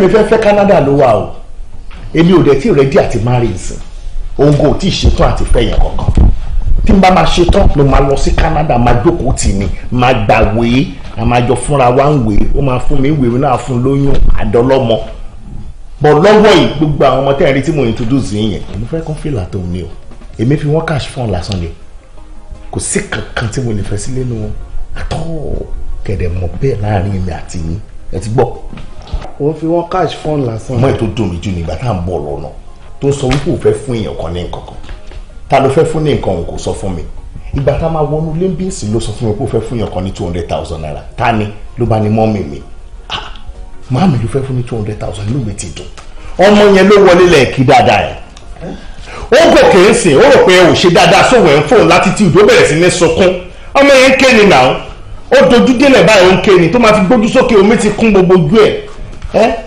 èmi fẹ́ fẹ́ Canada ló wà o èmi ò dẹ̀ tí rẹ́dí àti márìnsì òǹgò tí ìṣetán àti fẹ̀yìn kankan tí n bá máa ṣetán ló máa lọ sí Canada máa jókòó tì mí máa gbàwé àmàjọ fúnra wa ń wèé ó máa fún mi wèé náà fún lóyún àdọ́lọ́mọ bọ̀ lọ́wọ́ yìí gbogbo àwọn ọmọ tẹ́ ẹ̀ rí tí mo introduce yín yẹn èmi fẹ́ kán fìlà tó ní o èmi fi wọ́n cash fún ọ lásán ni kò sí kankan tí mo nífẹ̀ẹ́ sí lẹ́nu àtọ́ kẹ̀dẹ̀ mọ̀ bẹ́ẹ̀ láàrin èmi àti yín ẹ ti gbọ́ ò ń fi wọ́n cash fún lásán. ọmọ ẹ tó dùn mí jù nígbà tá à ń bọ̀ lọ́nà tó ń sọ wípé ò fẹ́ fún èèyàn kan ní nǹkan kan ta ló fẹ́ fún ní nǹkan òun kò sọ fún mi ìgbà tá a máa wọnú lẹ́ńbíìsì ló sọ fún mi pé ò fẹ́ fún èèyàn kan ní two hundred thousand naira ta ni ló bá ní mọ́mì mi ah màámi ló fẹ́ fún ní two hundred thousand inú mi ti dùn ọmọ yẹn ló wọlé lẹ́ẹ̀kí dáadáa ẹ̀ ó gòkè ń sìn ó rò pé ò ṣe dáadáa sóhùn ẹ̀ ń fóun láti tí ìdó bẹ̀rẹ̀ sí ní sunkún ọmọ yẹn ń ké ni nàá ó dojú délẹ̀ báyìí ó ń ké ni tó máa fi gbójú sókè omi ti kún gbogbo ojú ẹ̀ ẹ́